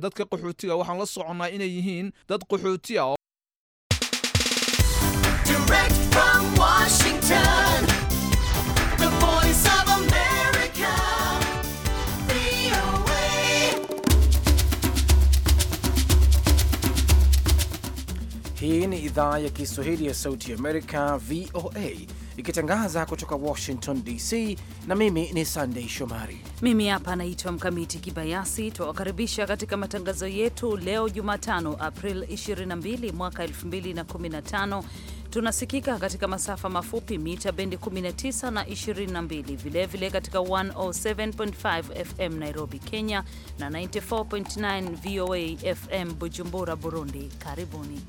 dadka qaxootiga waxaan la soconnaa inay yihiin dad qaxooti ah Hii ni idhaa ya Kiswahili ya Sauti Amerika, VOA ikitangaza kutoka Washington DC, na mimi ni Sandei Shomari. Mimi hapa naitwa Mkamiti Kibayasi. Twawakaribisha katika matangazo yetu leo Jumatano, April 22 mwaka 2015. Tunasikika katika masafa mafupi mita bendi 19 na 22, vilevile vile katika 107.5 FM Nairobi, Kenya na 94.9 VOA FM Bujumbura, Burundi. Karibuni.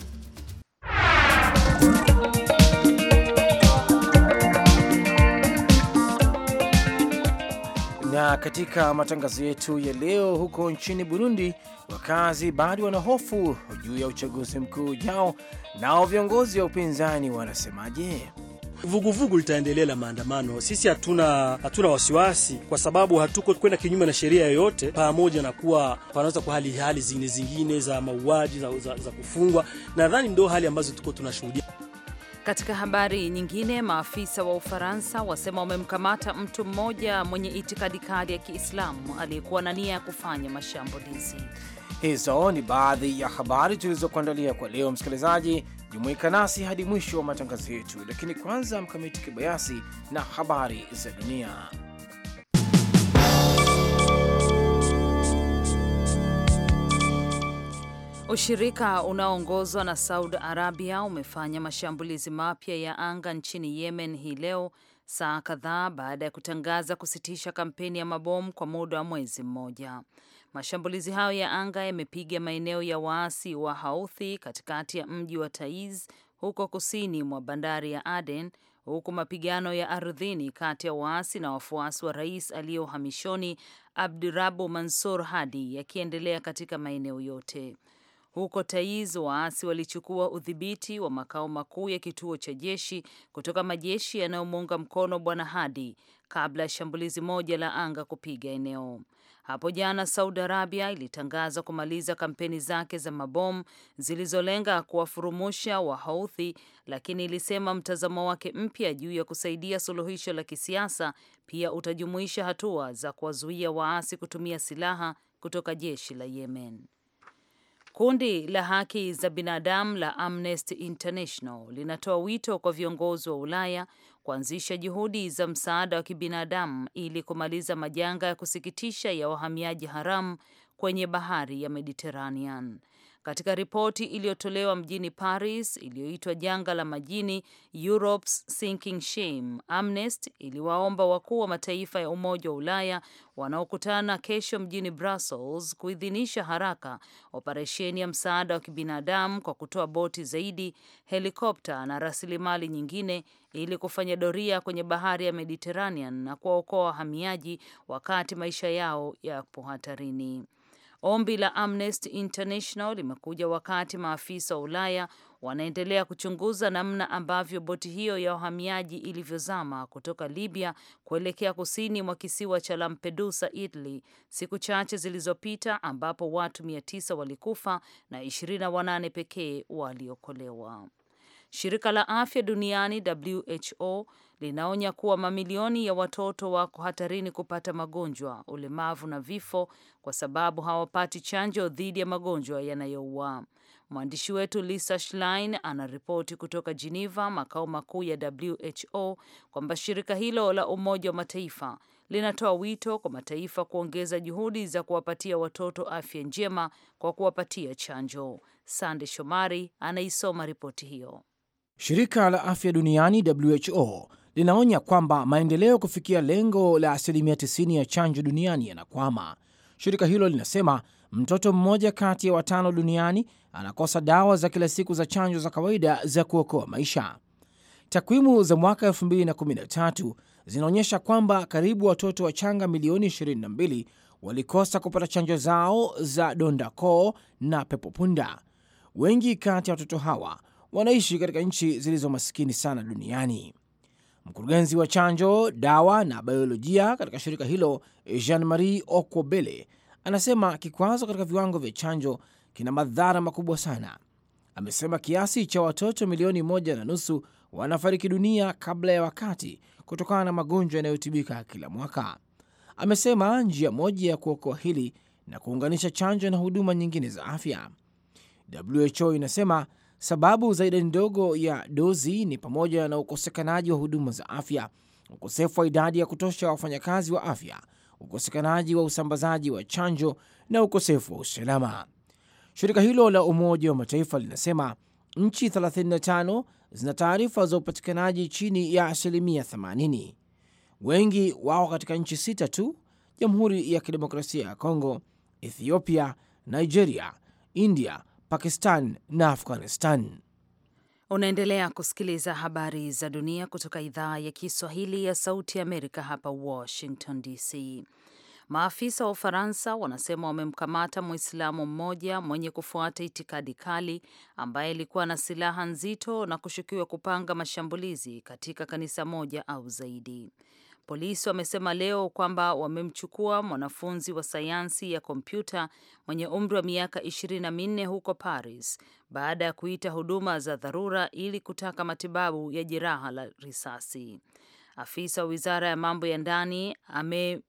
Na katika matangazo yetu ya leo, huko nchini Burundi wakazi bado wana hofu juu ya uchaguzi mkuu ujao. Nao viongozi wa upinzani wanasemaje? Vuguvugu litaendelea la maandamano. Sisi hatuna hatuna wasiwasi, kwa sababu hatuko kwenda kinyume na sheria yoyote, pamoja na kuwa panaweza kwa hali hali zingine zingine za mauaji za, za, za kufungwa. Nadhani ndio hali ambazo tuko tunashuhudia. Katika habari nyingine, maafisa wa Ufaransa wasema wamemkamata mtu mmoja mwenye itikadi kali ya Kiislamu aliyekuwa na nia ya kufanya mashambulizi. Hizo ni baadhi ya habari tulizokuandalia kwa leo. Msikilizaji, jumuika nasi hadi mwisho wa matangazo yetu, lakini kwanza, Mkamiti Kibayasi na habari za dunia. Ushirika unaoongozwa na Saudi Arabia umefanya mashambulizi mapya ya anga nchini Yemen hii leo saa kadhaa baada ya kutangaza kusitisha kampeni ya mabomu kwa muda wa mwezi mmoja. Mashambulizi hayo ya anga yamepiga maeneo ya waasi wa Houthi katikati ya mji wa Taiz huko kusini mwa bandari ya Aden, huku mapigano ya ardhini kati ya waasi na wafuasi wa rais aliye uhamishoni Abdurabu Mansur Hadi yakiendelea katika maeneo yote. Huko Taiz, waasi walichukua udhibiti wa makao makuu ya kituo cha jeshi kutoka majeshi yanayomuunga mkono Bwana Hadi kabla ya shambulizi moja la anga kupiga eneo. Hapo jana Saudi Arabia ilitangaza kumaliza kampeni zake za mabomu zilizolenga kuwafurumusha Wahouthi, lakini ilisema mtazamo wake mpya juu ya kusaidia suluhisho la kisiasa pia utajumuisha hatua za kuwazuia waasi kutumia silaha kutoka jeshi la Yemen. Kundi la haki za binadamu la Amnesty International linatoa wito kwa viongozi wa Ulaya kuanzisha juhudi za msaada wa kibinadamu ili kumaliza majanga ya kusikitisha ya wahamiaji haramu kwenye bahari ya Mediterranean. Katika ripoti iliyotolewa mjini Paris iliyoitwa janga la majini Europe's Sinking Shame, Amnesty iliwaomba wakuu wa mataifa ya Umoja wa Ulaya wanaokutana kesho mjini Brussels kuidhinisha haraka operesheni ya msaada wa kibinadamu kwa kutoa boti zaidi, helikopta na rasilimali nyingine ili kufanya doria kwenye bahari ya Mediterranean na kuwaokoa wahamiaji wakati maisha yao yapo hatarini. Ombi la Amnesty International limekuja wakati maafisa wa Ulaya wanaendelea kuchunguza namna ambavyo boti hiyo ya wahamiaji ilivyozama kutoka Libya kuelekea kusini mwa kisiwa cha Lampedusa, Italy, siku chache zilizopita, ambapo watu 900 walikufa na 28 pekee waliokolewa. Shirika la Afya Duniani WHO linaonya kuwa mamilioni ya watoto wako hatarini kupata magonjwa, ulemavu na vifo kwa sababu hawapati chanjo dhidi ya magonjwa yanayoua. Mwandishi wetu Lisa Schlein anaripoti kutoka Geneva, makao makuu ya WHO, kwamba shirika hilo la Umoja wa Mataifa linatoa wito kwa mataifa kuongeza juhudi za kuwapatia watoto afya njema kwa kuwapatia chanjo. Sande Shomari anaisoma ripoti hiyo. Shirika la afya duniani WHO linaonya kwamba maendeleo kufikia lengo la asilimia 90 ya chanjo duniani yanakwama. Shirika hilo linasema mtoto mmoja kati ya watano duniani anakosa dawa za kila siku za chanjo za kawaida za kuokoa maisha. Takwimu za mwaka 2013 zinaonyesha kwamba karibu watoto wachanga milioni 22 walikosa kupata chanjo zao za donda koo na pepopunda Wengi kati ya watoto hawa wanaishi katika nchi zilizo masikini sana duniani. Mkurugenzi wa chanjo, dawa na biolojia katika shirika hilo Jean Marie Okwobele anasema kikwazo katika viwango vya chanjo kina madhara makubwa sana. Amesema kiasi cha watoto milioni moja na nusu wanafariki dunia kabla ya wakati kutokana na magonjwa yanayotibika kila mwaka. Amesema njia moja ya kuokoa hili na kuunganisha chanjo na huduma nyingine za afya. WHO inasema Sababu za idadi ndogo ya dozi ni pamoja na ukosekanaji wa huduma za afya, ukosefu wa idadi ya kutosha wafanyakazi wa afya, ukosekanaji wa usambazaji wa chanjo na ukosefu wa usalama. Shirika hilo la Umoja wa Mataifa linasema nchi 35 zina taarifa za upatikanaji chini ya asilimia 80. Wengi wao katika nchi sita tu: Jamhuri ya Kidemokrasia ya Kongo, Ethiopia, Nigeria, India Pakistan na Afghanistan. Unaendelea kusikiliza habari za dunia kutoka idhaa ya Kiswahili ya Sauti ya Amerika hapa Washington DC. Maafisa wa Ufaransa wanasema wamemkamata Mwislamu mmoja mwenye kufuata itikadi kali ambaye alikuwa na silaha nzito na kushukiwa kupanga mashambulizi katika kanisa moja au zaidi. Polisi wamesema leo kwamba wamemchukua mwanafunzi wa sayansi ya kompyuta mwenye umri wa miaka ishirini na minne huko Paris baada ya kuita huduma za dharura ili kutaka matibabu ya jeraha la risasi. Afisa wa wizara ya mambo ya ndani ame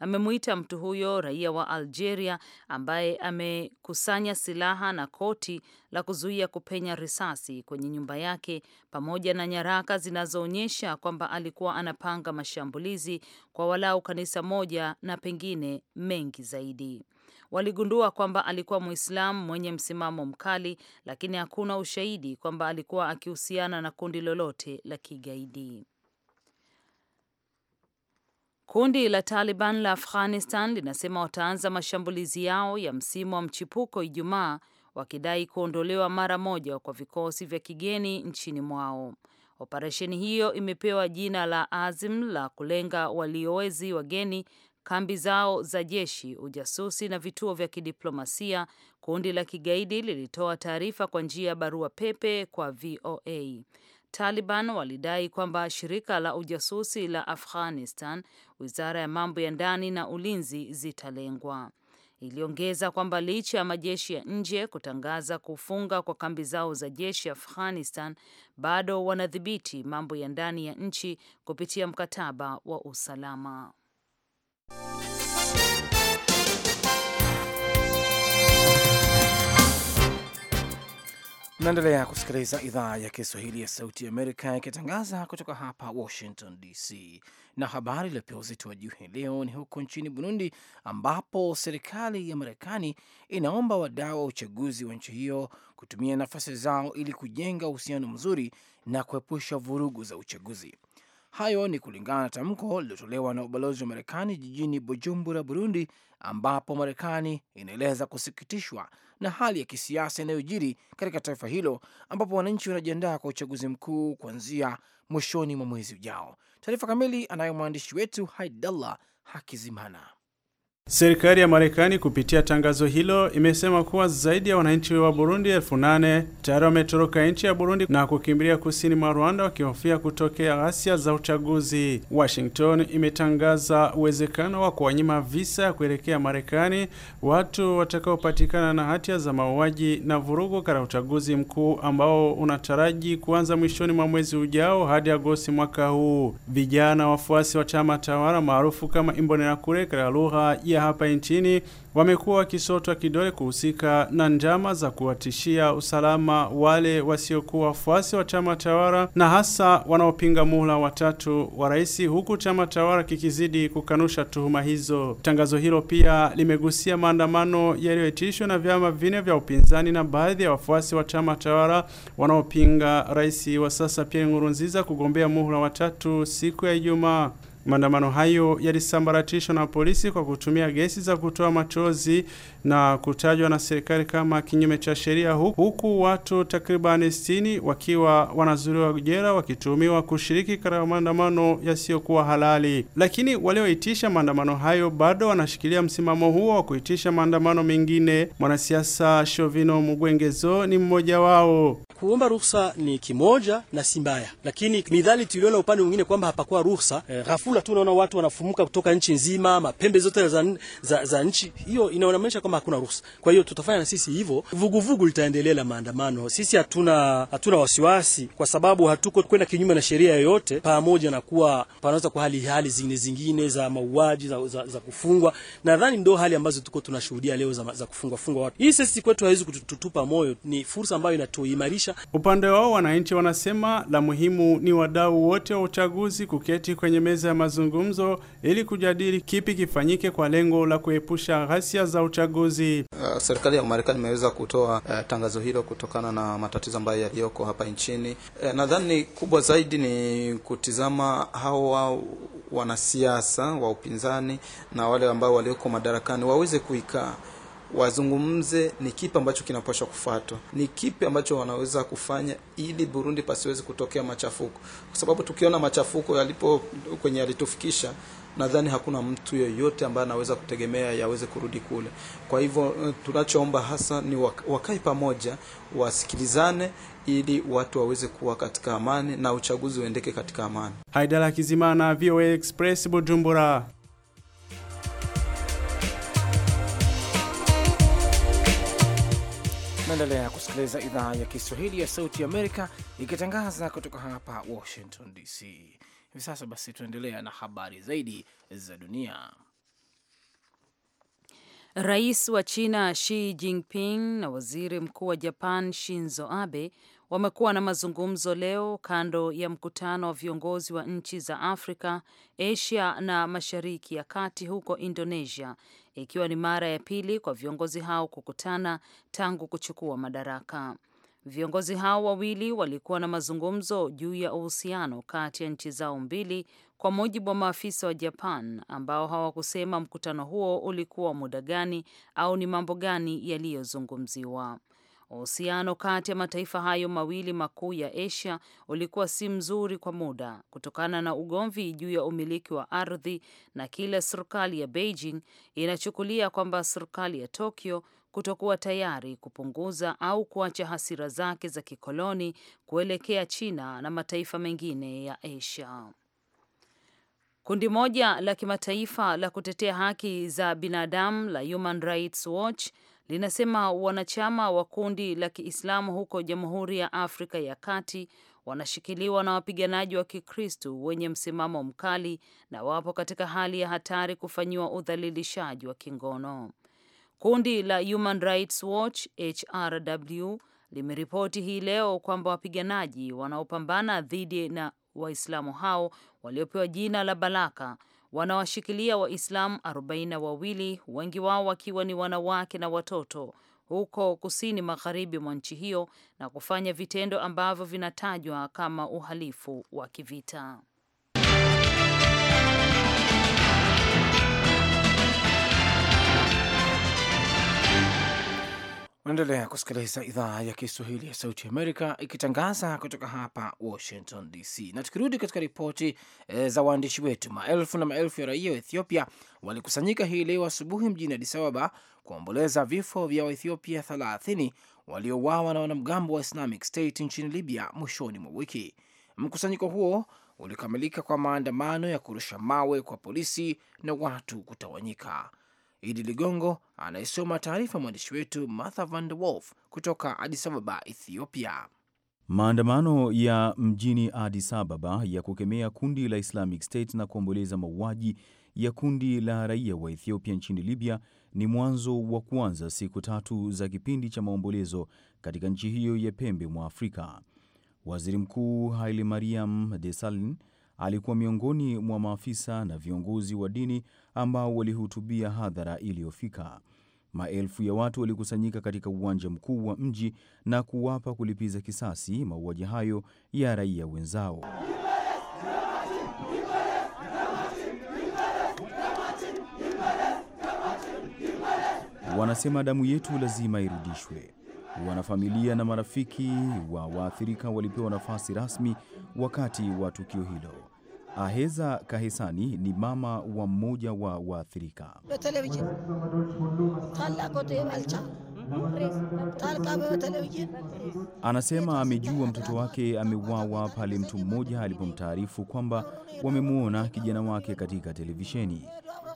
amemwita mtu huyo raia wa Algeria ambaye amekusanya silaha na koti la kuzuia kupenya risasi kwenye nyumba yake pamoja na nyaraka zinazoonyesha kwamba alikuwa anapanga mashambulizi kwa walau kanisa moja na pengine mengi zaidi. Waligundua kwamba alikuwa Mwislamu mwenye msimamo mkali, lakini hakuna ushahidi kwamba alikuwa akihusiana na kundi lolote la kigaidi. Kundi la Taliban la Afghanistan linasema wataanza mashambulizi yao ya msimu wa mchipuko Ijumaa, wakidai kuondolewa mara moja kwa vikosi vya kigeni nchini mwao. Operesheni hiyo imepewa jina la Azim la kulenga waliowezi wageni, kambi zao za jeshi, ujasusi na vituo vya kidiplomasia. Kundi la kigaidi lilitoa taarifa kwa njia ya barua pepe kwa VOA. Taliban walidai kwamba shirika la ujasusi la Afghanistan, wizara ya mambo ya ndani na ulinzi zitalengwa. Iliongeza kwamba licha ya majeshi ya nje kutangaza kufunga kwa kambi zao za jeshi Afghanistan, bado wanadhibiti mambo ya ndani ya nchi kupitia mkataba wa usalama. Naendelea kusikiliza idhaa ya Kiswahili ya Sauti ya Amerika ikitangaza kutoka hapa Washington DC, na habari iliyopewa uzito wa juu hii leo ni huko nchini Burundi, ambapo serikali ya Marekani inaomba wadau wa uchaguzi wa nchi hiyo kutumia nafasi zao ili kujenga uhusiano mzuri na kuepusha vurugu za uchaguzi. Hayo ni kulingana na tamko lililotolewa na ubalozi wa Marekani jijini Bujumbura, Burundi, ambapo Marekani inaeleza kusikitishwa na hali ya kisiasa inayojiri katika taifa hilo ambapo wananchi wanajiandaa kwa uchaguzi mkuu kuanzia mwishoni mwa mwezi ujao. Taarifa kamili anayo mwandishi wetu Haidallah Hakizimana. Serikali ya Marekani kupitia tangazo hilo imesema kuwa zaidi ya wananchi wa Burundi elfu nane tayari wametoroka nchi ya Burundi na kukimbilia kusini mwa Rwanda wakihofia kutokea ghasia za uchaguzi. Washington imetangaza uwezekano wa kuwanyima visa ya kuelekea Marekani watu watakaopatikana na hatia za mauaji na vurugu katika uchaguzi mkuu ambao unataraji kuanza mwishoni mwa mwezi ujao hadi Agosti mwaka huu. Vijana wafuasi wa chama tawala maarufu kama Imbonerakure katika lugha ya ya hapa nchini wamekuwa wakisotwa kidole kuhusika na njama za kuwatishia usalama wale wasiokuwa wafuasi wa chama tawala na hasa wanaopinga muhula watatu wa rais, huku chama tawala kikizidi kukanusha tuhuma hizo. Tangazo hilo pia limegusia maandamano yaliyoitishwa na vyama vine vya upinzani na baadhi ya wafuasi wa chama tawala wanaopinga rais wa sasa Pierre Nkurunziza kugombea muhula watatu siku ya Ijumaa. Maandamano hayo yalisambaratishwa na polisi kwa kutumia gesi za kutoa machozi na kutajwa na serikali kama kinyume cha sheria, huku watu takribani 60 wakiwa wanazuriwa jela wakituhumiwa kushiriki katika maandamano yasiyokuwa halali. Lakini walioitisha maandamano hayo bado wanashikilia msimamo huo wa kuitisha maandamano mengine. Mwanasiasa Shovino Mugwengezo ni mmoja wao. Kuomba ruhusa ni kimoja na si mbaya, lakini midhali tuliona upande mwingine kwamba hapakuwa ruhusa e, ghafula tu unaona watu wanafumuka kutoka nchi nzima, mapembe zote za, za, za nchi hiyo, inaonyesha kwamba hakuna ruhusa. Kwa hiyo tutafanya na sisi hivyo, vuguvugu litaendelea la maandamano. Sisi hatuna hatuna wasiwasi, kwa sababu hatuko kwenda kinyume na sheria yoyote, pamoja na kuwa panaweza kwa hali hali zingine zingine za mauaji za, za, za kufungwa. Nadhani ndio hali ambazo tuko tunashuhudia leo za, za kufungwa fungwa watu. Hii sisi kwetu haiwezi kututupa moyo, ni fursa ambayo inatuimarisha kujiandikisha. Upande wao wananchi wanasema la muhimu ni wadau wote wa uchaguzi kuketi kwenye meza ya mazungumzo ili kujadili kipi kifanyike kwa lengo la kuepusha ghasia za uchaguzi. Uh, serikali ya Marekani imeweza kutoa uh, tangazo hilo kutokana na matatizo ambayo yaliyoko hapa nchini. Uh, nadhani kubwa zaidi ni kutizama hawa wanasiasa wa upinzani na wale ambao walioko madarakani waweze kuikaa wazungumze ni kipi ambacho kinapaswa kufuatwa, ni kipi ambacho wanaweza kufanya ili Burundi pasiwezi kutokea machafuko, kwa sababu tukiona machafuko yalipo kwenye yalitufikisha, nadhani hakuna mtu yoyote ambaye anaweza kutegemea yaweze kurudi kule. Kwa hivyo eh, tunachoomba hasa ni wakae pamoja, wasikilizane ili watu waweze kuwa katika amani na uchaguzi uendeke katika amani. Haidara Kizimana, VOA Express, Bujumbura. Unaendelea kusikiliza idhaa ya Kiswahili ya Sauti Amerika ikitangaza kutoka hapa Washington DC. Hivi sasa basi, tunaendelea na habari zaidi za dunia. Rais wa China Xi Jinping na waziri mkuu wa Japan Shinzo Abe wamekuwa na mazungumzo leo kando ya mkutano wa viongozi wa nchi za Afrika, Asia na Mashariki ya Kati huko Indonesia ikiwa ni mara ya pili kwa viongozi hao kukutana tangu kuchukua madaraka. Viongozi hao wawili walikuwa na mazungumzo juu ya uhusiano kati ya nchi zao mbili, kwa mujibu wa maafisa wa Japan ambao hawakusema mkutano huo ulikuwa muda gani au ni mambo gani yaliyozungumziwa. Uhusiano kati ya mataifa hayo mawili makuu ya Asia ulikuwa si mzuri kwa muda kutokana na ugomvi juu ya umiliki wa ardhi na kile serikali ya Beijing inachukulia kwamba serikali ya Tokyo kutokuwa tayari kupunguza au kuacha hasira zake za kikoloni kuelekea China na mataifa mengine ya Asia. Kundi moja la kimataifa la kutetea haki za binadamu la Human Rights Watch linasema wanachama wa kundi la Kiislamu huko Jamhuri ya Afrika ya Kati wanashikiliwa na wapiganaji wa Kikristu wenye msimamo mkali na wapo katika hali ya hatari kufanyiwa udhalilishaji wa kingono. Kundi la Human Rights Watch HRW limeripoti hii leo kwamba wapiganaji wanaopambana dhidi na Waislamu hao waliopewa jina la Balaka wanawashikilia Waislamu arobaini na wawili, wengi wao wakiwa ni wanawake na watoto huko kusini magharibi mwa nchi hiyo na kufanya vitendo ambavyo vinatajwa kama uhalifu wa kivita. Unaendelea kusikiliza idhaa ya Kiswahili ya Sauti Amerika ikitangaza kutoka hapa Washington DC. Na tukirudi katika ripoti e, za waandishi wetu, maelfu na maelfu ya raia wa Ethiopia walikusanyika hii leo asubuhi mjini Addis Ababa kuomboleza vifo vya Waethiopia 30 waliouawa na wanamgambo wa Islamic State nchini Libya mwishoni mwa wiki. Mkusanyiko huo ulikamilika kwa maandamano ya kurusha mawe kwa polisi na watu kutawanyika. Idi Ligongo anayesoma taarifa mwandishi wetu Martha Van de Wolf kutoka Addis Ababa, Ethiopia. Maandamano ya mjini Addis Ababa ya kukemea kundi la Islamic State na kuomboleza mauaji ya kundi la raia wa Ethiopia nchini Libya ni mwanzo wa kuanza siku tatu za kipindi cha maombolezo katika nchi hiyo ya pembe mwa Afrika. Waziri Mkuu Mariam Desalegn alikuwa miongoni mwa maafisa na viongozi wa dini ambao walihutubia hadhara iliyofika. Maelfu ya watu walikusanyika katika uwanja mkuu wa mji na kuwapa kulipiza kisasi mauaji hayo ya raia wenzao. Wanasema damu yetu lazima irudishwe. Wanafamilia na marafiki wa waathirika walipewa nafasi rasmi wakati wa tukio hilo. Aheza kahesani ni mama wa mmoja wa waathirika. Anasema amejua mtoto wake ameuawa pale mtu mmoja alipomtaarifu kwamba wamemwona kijana wake katika televisheni.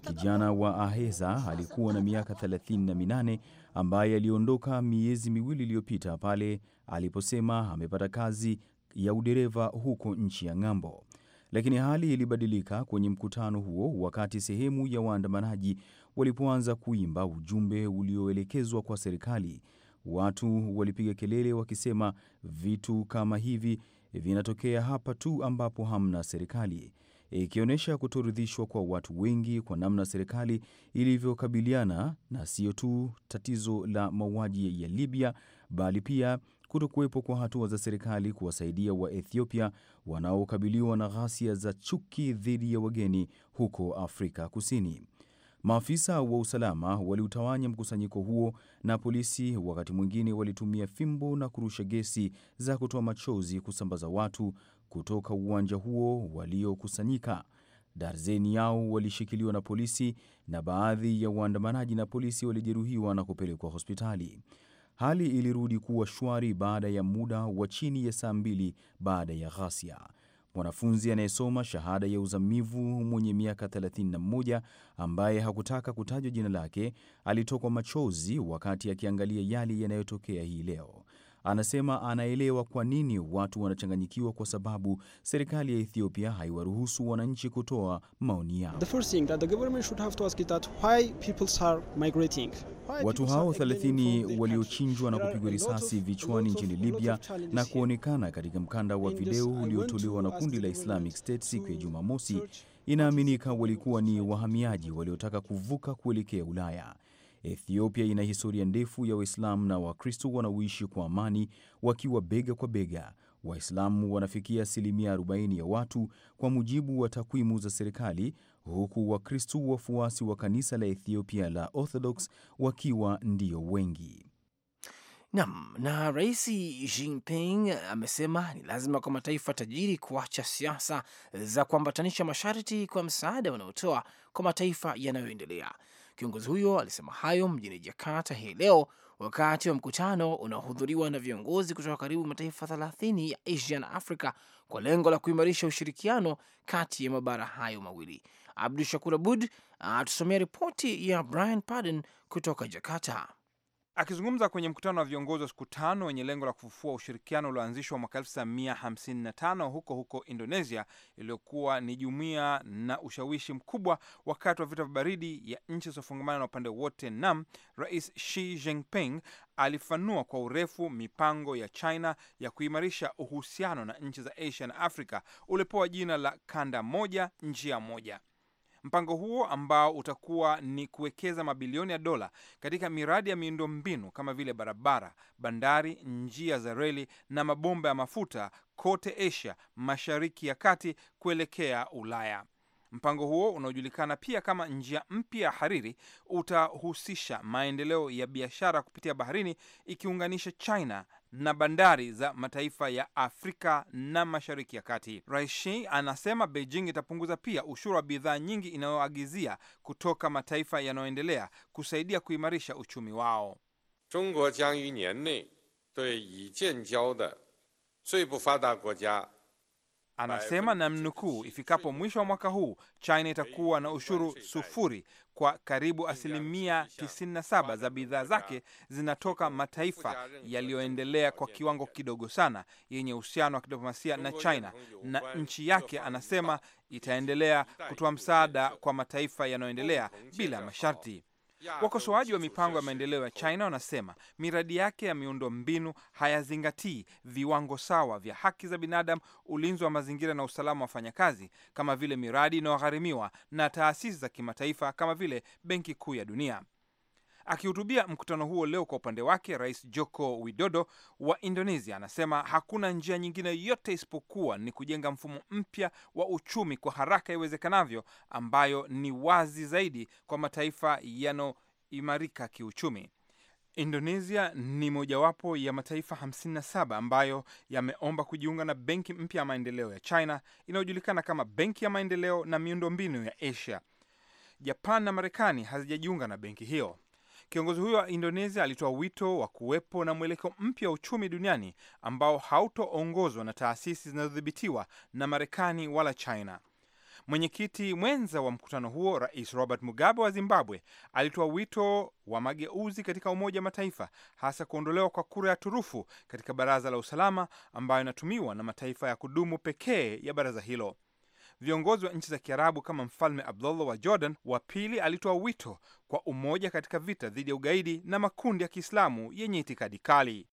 Kijana wa Aheza alikuwa na miaka 38 ambaye aliondoka miezi miwili iliyopita pale aliposema amepata kazi ya udereva huko nchi ya ng'ambo lakini hali ilibadilika kwenye mkutano huo wakati sehemu ya waandamanaji walipoanza kuimba ujumbe ulioelekezwa kwa serikali. Watu walipiga kelele wakisema, vitu kama hivi vinatokea hapa tu ambapo hamna serikali, ikionyesha kutoridhishwa kwa watu wengi kwa namna serikali ilivyokabiliana na sio tu tatizo la mauaji ya Libya bali pia kutokuwepo kwa hatua za serikali kuwasaidia Waethiopia wanaokabiliwa na ghasia za chuki dhidi ya wageni huko Afrika Kusini. Maafisa wa usalama waliutawanya mkusanyiko huo na polisi wakati mwingine walitumia fimbo na kurusha gesi za kutoa machozi kusambaza watu kutoka uwanja huo waliokusanyika. Darzeni yao walishikiliwa na polisi na baadhi ya waandamanaji na polisi walijeruhiwa na kupelekwa hospitali. Hali ilirudi kuwa shwari baada ya muda wa chini ya saa mbili baada ya ghasia. Mwanafunzi anayesoma shahada ya uzamivu mwenye miaka 31 ambaye hakutaka kutajwa jina lake alitokwa machozi wakati akiangalia yale yanayotokea hii leo. Anasema anaelewa kwa nini watu wanachanganyikiwa kwa sababu serikali ya Ethiopia haiwaruhusu wananchi kutoa maoni yao. Watu hao 30 waliochinjwa na kupigwa risasi vichwani nchini Libya na kuonekana katika mkanda wa video uliotolewa na kundi la Islamic State siku ya Jumamosi inaaminika walikuwa ni wahamiaji waliotaka kuvuka kuelekea Ulaya. Ethiopia ina historia ndefu ya Waislamu na Wakristo wanaoishi kwa amani wakiwa bega kwa bega. Waislamu wanafikia asilimia 40 ya watu kwa mujibu wa takwimu za serikali, huku Wakristo wafuasi wa kanisa la Ethiopia la Orthodox wakiwa ndio wengi. Nam na Rais Jinping amesema ni lazima kwa mataifa tajiri kuacha siasa za kuambatanisha masharti kwa msaada wanaotoa kwa mataifa yanayoendelea. Kiongozi huyo alisema hayo mjini Jakarta hii leo wakati wa mkutano unaohudhuriwa na viongozi kutoka karibu mataifa 30 ya Asia na Afrika kwa lengo la kuimarisha ushirikiano kati ya mabara hayo mawili. Abdu Shakur Abud atusomea ripoti ya Brian Paden kutoka Jakarta. Akizungumza kwenye mkutano wa viongozi wa siku tano wenye lengo la kufufua ushirikiano ulioanzishwa mwaka 1955 huko huko Indonesia, iliyokuwa ni jumuiya na ushawishi mkubwa wakati wa vita vya baridi ya nchi zilizofungamana na upande wote nam, Rais Xi Jinping alifanua kwa urefu mipango ya China ya kuimarisha uhusiano na nchi za Asia na Afrika, ulipewa jina la kanda moja njia moja. Mpango huo ambao utakuwa ni kuwekeza mabilioni ya dola katika miradi ya miundombinu kama vile barabara, bandari, njia za reli na mabomba ya mafuta kote Asia, Mashariki ya Kati kuelekea Ulaya. Mpango huo unaojulikana pia kama njia mpya ya hariri utahusisha maendeleo ya biashara kupitia baharini ikiunganisha China na bandari za mataifa ya Afrika na Mashariki ya Kati. Raishi anasema Beijing itapunguza pia ushuru wa bidhaa nyingi inayoagizia kutoka mataifa yanayoendelea kusaidia kuimarisha uchumi wao. Zhongguo jiang yu nian nei jiao de zui bufada guojia Anasema na mnukuu, ifikapo mwisho wa mwaka huu China itakuwa na ushuru sufuri kwa karibu asilimia 97 za bidhaa zake zinatoka mataifa yaliyoendelea kwa kiwango kidogo sana yenye uhusiano wa kidiplomasia na China, na nchi yake anasema itaendelea kutoa msaada kwa mataifa yanayoendelea bila masharti. Wakosoaji wa mipango ya maendeleo ya China wanasema miradi yake ya miundo mbinu hayazingatii viwango sawa vya haki za binadamu, ulinzi wa mazingira na usalama wa wafanyakazi, kama vile miradi inayogharimiwa na taasisi za kimataifa kama vile Benki Kuu ya Dunia. Akihutubia mkutano huo leo, kwa upande wake, Rais Joko Widodo wa Indonesia anasema hakuna njia nyingine yote isipokuwa ni kujenga mfumo mpya wa uchumi kwa haraka iwezekanavyo, ambayo ni wazi zaidi kwa mataifa yanayoimarika kiuchumi. Indonesia ni mojawapo ya mataifa 57 ambayo yameomba kujiunga na benki mpya ya maendeleo ya China inayojulikana kama benki ya maendeleo na miundombinu ya Asia. Japan na Marekani hazijajiunga na benki hiyo. Kiongozi huyo wa Indonesia alitoa wito wa kuwepo na mwelekeo mpya wa uchumi duniani ambao hautoongozwa na taasisi zinazodhibitiwa na Marekani wala China. Mwenyekiti mwenza wa mkutano huo, Rais Robert Mugabe wa Zimbabwe, alitoa wito wa mageuzi katika Umoja wa Mataifa, hasa kuondolewa kwa kura ya turufu katika Baraza la Usalama ambayo inatumiwa na mataifa ya kudumu pekee ya baraza hilo. Viongozi wa nchi za Kiarabu kama Mfalme Abdullah wa Jordan wa pili alitoa wito kwa umoja katika vita dhidi ya ugaidi na makundi ya Kiislamu yenye itikadi kali.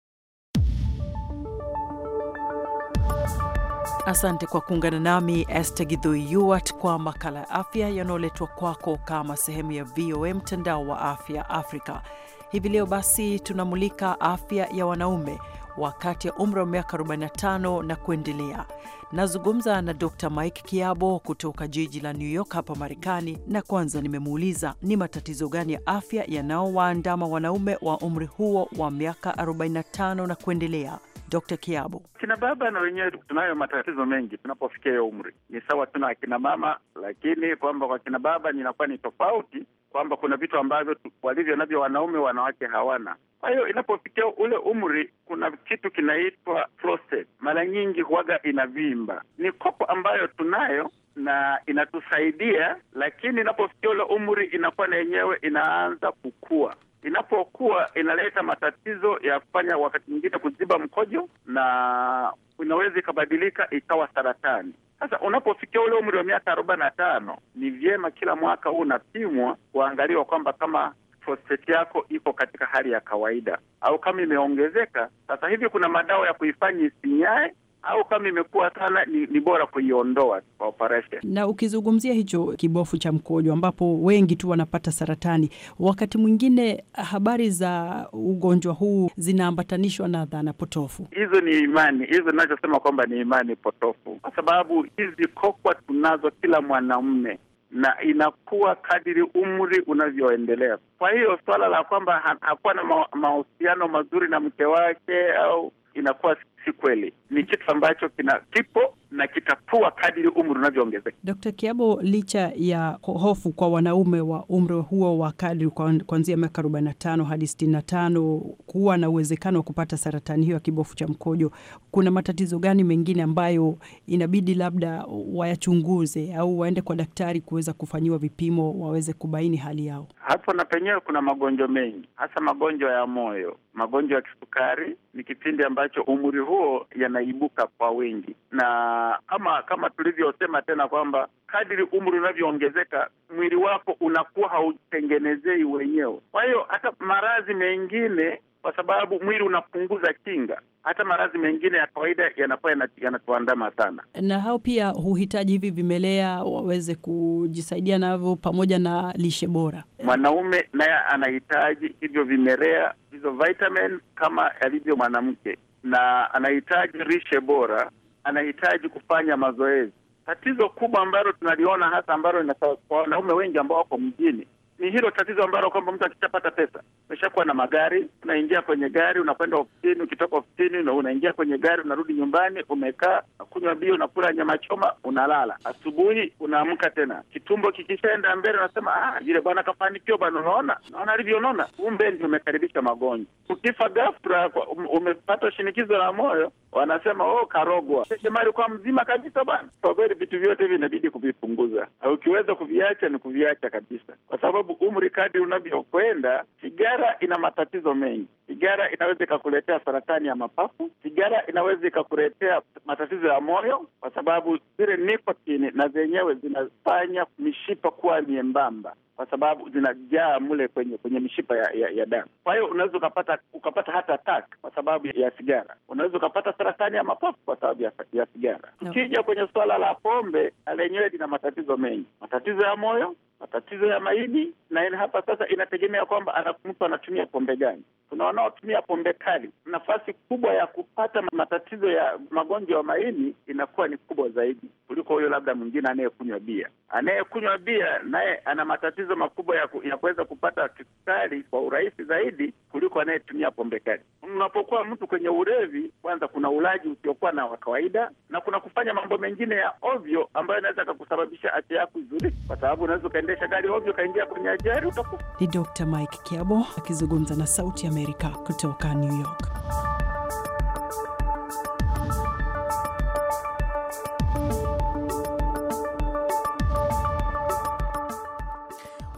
Asante kwa kuungana nami Esther Gidhui yuat kwa makala ya afya yanayoletwa kwako kama sehemu ya VOA mtandao wa afya Afrika. Hivi leo basi tunamulika afya ya wanaume wa kati ya umri wa miaka 45 na kuendelea. Nazungumza na Dr. Mike Kiabo kutoka jiji la New York hapa Marekani, na kwanza nimemuuliza ni matatizo gani ya afya yanaowaandama wanaume wa umri huo wa miaka 45 na kuendelea. Dr. Kiabo, kina baba na wenyewe tunayo matatizo mengi tunapofikia hiyo umri. Ni sawa tuna akina mama, lakini kwamba kwa kina baba ninakuwa ni tofauti kwamba kuna vitu ambavyo walivyo navyo wanaume, wanawake hawana. Kwa hiyo inapofikia ule umri, kuna kitu kinaitwa prostate, mara nyingi huwaga inavimba. Ni kopo ambayo tunayo na inatusaidia, lakini inapofikia ule umri inakuwa na yenyewe inaanza kukua inapokuwa inaleta matatizo ya kufanya wakati mwingine kuziba mkojo na inaweza ikabadilika ikawa saratani. Sasa unapofikia ule umri wa miaka arobaini na tano ni vyema kila mwaka huu unapimwa kuangaliwa kwamba kama prostate yako iko katika hali ya kawaida au kama imeongezeka. Sasa hivi kuna madawa ya kuifanya isinyae au kama imekuwa sana ni, ni bora kuiondoa kwa operation. Na ukizungumzia hicho kibofu cha mkojo ambapo wengi tu wanapata saratani, wakati mwingine habari za ugonjwa huu zinaambatanishwa na dhana potofu. Hizo ni imani hizo, ninachosema kwamba ni imani potofu, kwa sababu hizi kokwa tunazo kila mwanaume na inakuwa kadiri umri unavyoendelea. Kwa hiyo swala la kwamba hakuwa na mahusiano mazuri na mke wake au inakuwa si kweli, ni kitu ambacho kina kipo na kitapua kadiri umri unavyoongezeka. Dkt. Kiabo, licha ya hofu kwa wanaume wa umri huo wa kadri kuanzia miaka tano hadi tano kuwa na uwezekano wa kupata saratani hiyo ya kibofu cha mkojo, kuna matatizo gani mengine ambayo inabidi labda wayachunguze au waende kwa daktari kuweza kufanyiwa vipimo waweze kubaini hali yao? Hapo na penyewe kuna magonjwa mengi, hasa magonjwa ya moyo, magonjwa ya kisukari. Ni kipindi ambacho umri huo yanaibuka kwa wengi na kama kama tulivyosema tena kwamba kadiri umri unavyoongezeka mwili wako unakuwa hautengenezei wenyewe. Kwa hiyo hata maradhi mengine, kwa sababu mwili unapunguza kinga, hata maradhi mengine ya kawaida yanakuwa yanatuandama sana, na hao pia huhitaji hivi vimelea waweze kujisaidia navyo, pamoja na lishe bora. Mwanaume naye anahitaji hivyo vimelea, hizo vitamin kama yalivyo mwanamke na anahitaji lishe bora, anahitaji kufanya mazoezi. Tatizo kubwa ambalo tunaliona hasa ambalo kwa wanaume wengi ambao wako mjini ni hilo tatizo ambalo kwamba mtu akishapata pesa umeshakuwa na magari, unaingia kwenye gari unakwenda ofisini, ukitoka ofisini na unaingia kwenye gari unarudi nyumbani, umekaa nakunywa bia, unakula nyama choma, unalala. Asubuhi unaamka tena, kitumbo kikishaenda mbele unasema ah, bwana kafanikiwa bwana. Unaona, naona alivyonona. Kumbe ndio umekaribisha magonjwa. Ukifa ghafla, um, umepata shinikizo la moyo, wanasema oh, karogwa. Shemari kwa mzima kabisa bwana. Kwa kweli vitu vyote hivi inabidi kuvipunguza, ukiweza kuviacha ni kuviacha kabisa, kwa sababu sababu umri kadi unavyokwenda, sigara ina matatizo mengi. Sigara inaweza ikakuletea saratani ya mapafu. Sigara inaweza ikakuletea matatizo ya moyo, kwa sababu zile nikotini na zenyewe zinafanya mishipa kuwa miembamba kwa sababu zinajaa mle kwenye kwenye mishipa ya, ya, ya damu. Kwa hiyo unaweza ukapata ukapata hata attack kwa sababu ya sigara, unaweza ukapata saratani ya mapafu kwa sababu ya, ya sigara. Tukija okay, kwenye suala la pombe, na lenyewe lina matatizo mengi, matatizo ya moyo, matatizo ya maini, na hapa sasa inategemea kwamba mtu anatumia pombe gani. Kuna wanaotumia pombe kali, nafasi kubwa ya kupata matatizo ya magonjwa ya maini inakuwa ni kubwa zaidi kuliko huyo labda mwingine anayekunywa bia. Anayekunywa bia naye ana matatizo makubwa ya, ku, ya kuweza kupata kisukari kwa urahisi zaidi kuliko anayetumia pombe kali. Unapokuwa mtu kwenye ulevi, kwanza kuna ulaji usiokuwa na wa kawaida na kuna kufanya mambo mengine ya ovyo ambayo inaweza kakusababisha afya yako izuri, kwa sababu unaweza ukaendesha gari ovyo, ukaingia kwenye ajali utakufa. Ni Dr. Mike Kiabo akizungumza na Sauti Amerika kutoka New York.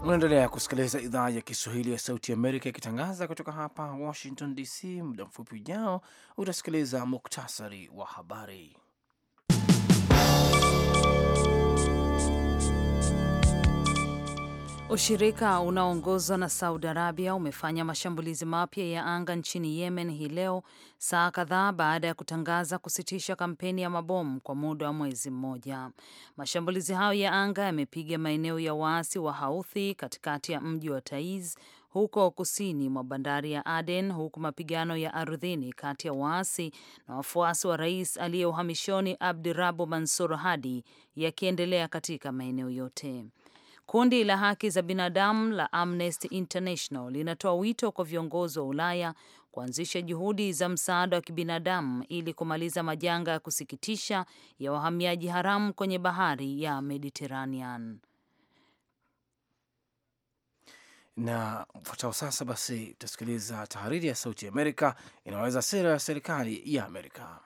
Unaendelea kusikiliza idhaa ya Kiswahili ya Sauti Amerika ikitangaza kutoka hapa Washington DC. Muda mfupi ujao utasikiliza muktasari wa habari. Ushirika unaoongozwa na Saudi Arabia umefanya mashambulizi mapya ya anga nchini Yemen hii leo, saa kadhaa baada ya kutangaza kusitisha kampeni ya mabomu kwa muda wa mwezi mmoja. Mashambulizi hayo ya anga yamepiga maeneo ya waasi wa Houthi katikati ya mji wa Taiz huko kusini mwa bandari ya Aden, huku mapigano ya ardhini kati ya waasi na wafuasi wa rais aliye uhamishoni Abdurabu Mansur Hadi yakiendelea katika maeneo yote. Kundi la haki za binadamu la Amnesty International linatoa wito kwa viongozi wa Ulaya kuanzisha juhudi za msaada wa kibinadamu ili kumaliza majanga ya kusikitisha ya wahamiaji haramu kwenye bahari ya Mediterranean. Na mfuatao sasa basi, tutasikiliza tahariri ya Sauti ya Amerika inaweza sera ya serikali ya Amerika.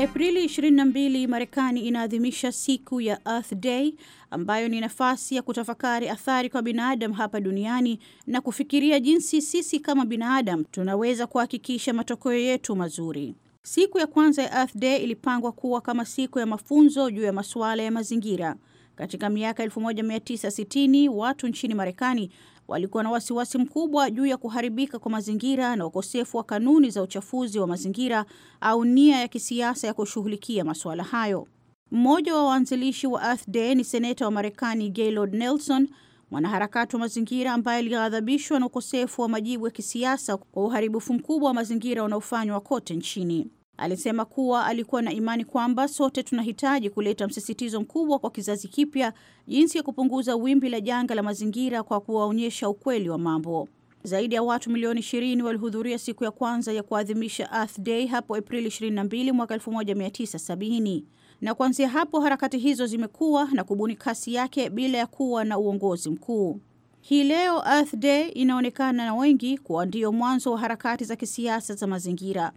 Aprili 22 Marekani inaadhimisha siku ya Earth Day ambayo ni nafasi ya kutafakari athari kwa binadamu hapa duniani na kufikiria jinsi sisi kama binadamu tunaweza kuhakikisha matokeo yetu mazuri. Siku ya kwanza ya Earth Day ilipangwa kuwa kama siku ya mafunzo juu ya masuala ya mazingira. Katika miaka 1960 watu nchini Marekani walikuwa na wasiwasi mkubwa juu ya kuharibika kwa mazingira na ukosefu wa kanuni za uchafuzi wa mazingira au nia ya kisiasa ya kushughulikia masuala hayo. Mmoja wa waanzilishi wa Earth Day ni seneta wa Marekani Gaylord Nelson, mwanaharakati wa mazingira ambaye alighadhabishwa na ukosefu wa majibu ya kisiasa kwa uharibifu mkubwa wa mazingira unaofanywa kote nchini. Alisema kuwa alikuwa na imani kwamba sote tunahitaji kuleta msisitizo mkubwa kwa kizazi kipya jinsi ya kupunguza wimbi la janga la mazingira kwa kuwaonyesha ukweli wa mambo. Zaidi ya watu milioni 20 walihudhuria siku ya kwanza ya kuadhimisha Earth Day hapo Aprili 22 mwaka 1970, na kuanzia hapo harakati hizo zimekuwa na kubuni kasi yake bila ya kuwa na uongozi mkuu. Hii leo Earth Day inaonekana na wengi kuwa ndio mwanzo wa harakati za kisiasa za mazingira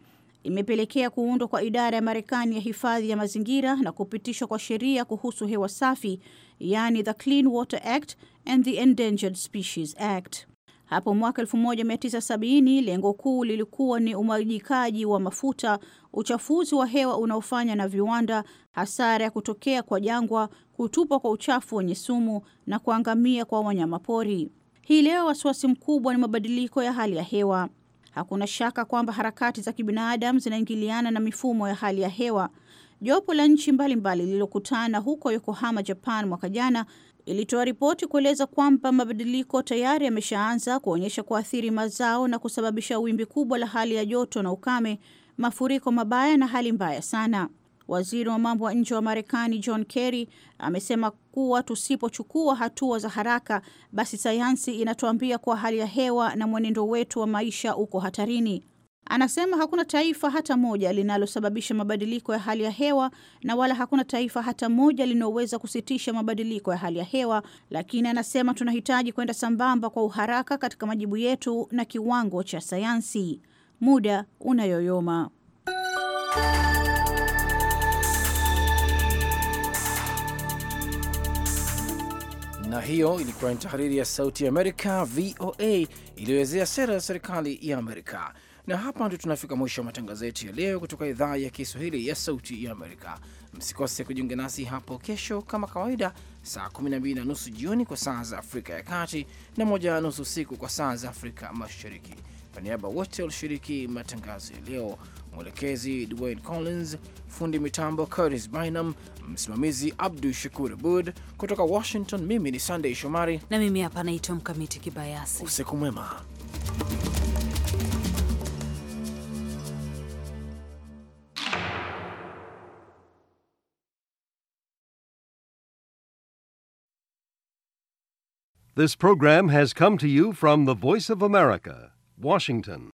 imepelekea kuundwa kwa idara ya Marekani ya hifadhi ya mazingira na kupitishwa kwa sheria kuhusu hewa safi, yaani the Clean Water Act and the Endangered Species Act. Hapo mwaka 1970 lengo kuu lilikuwa ni umwagikaji wa mafuta, uchafuzi wa hewa unaofanya na viwanda, hasara ya kutokea kwa jangwa, kutupwa kwa uchafu wenye sumu na kuangamia kwa wanyamapori. Hii leo wasiwasi mkubwa ni mabadiliko ya hali ya hewa. Hakuna shaka kwamba harakati za kibinadamu zinaingiliana na mifumo ya hali ya hewa. Jopo la nchi mbalimbali lililokutana huko Yokohama, Japan, mwaka jana ilitoa ripoti kueleza kwamba mabadiliko tayari yameshaanza kuonyesha kuathiri mazao na kusababisha wimbi kubwa la hali ya joto na ukame, mafuriko mabaya na hali mbaya sana. Waziri wa mambo ya nje wa Marekani John Kerry amesema kuwa tusipochukua hatua za haraka, basi sayansi inatuambia kuwa hali ya hewa na mwenendo wetu wa maisha uko hatarini. Anasema hakuna taifa hata moja linalosababisha mabadiliko ya hali ya hewa na wala hakuna taifa hata moja linaloweza kusitisha mabadiliko ya hali ya hewa, lakini anasema tunahitaji kwenda sambamba kwa uharaka katika majibu yetu na kiwango cha sayansi. Muda unayoyoma. Na hiyo ilikuwa ni tahariri ya Sauti ya Amerika, VOA, iliyoelezea sera ya serikali ya Amerika. Na hapa ndio tunafika mwisho wa matangazo yetu ya leo kutoka idhaa ya Kiswahili ya Sauti ya Amerika. Msikose kujiunga nasi hapo kesho kama kawaida, saa 12 na nusu jioni kwa saa za Afrika ya Kati na moja na nusu usiku kwa saa za Afrika Mashariki. Kwa niaba wote walishiriki matangazo ya leo mwelekezi Dwayne Collins, fundi mitambo Curtis Bynum, msimamizi Abdu Shakur Abud. Kutoka Washington, mimi ni Sunday Shomari na mimi hapa naitwa Mkamiti Kibayasi. Usiku mwema. This program has come to you from the Voice of America, Washington.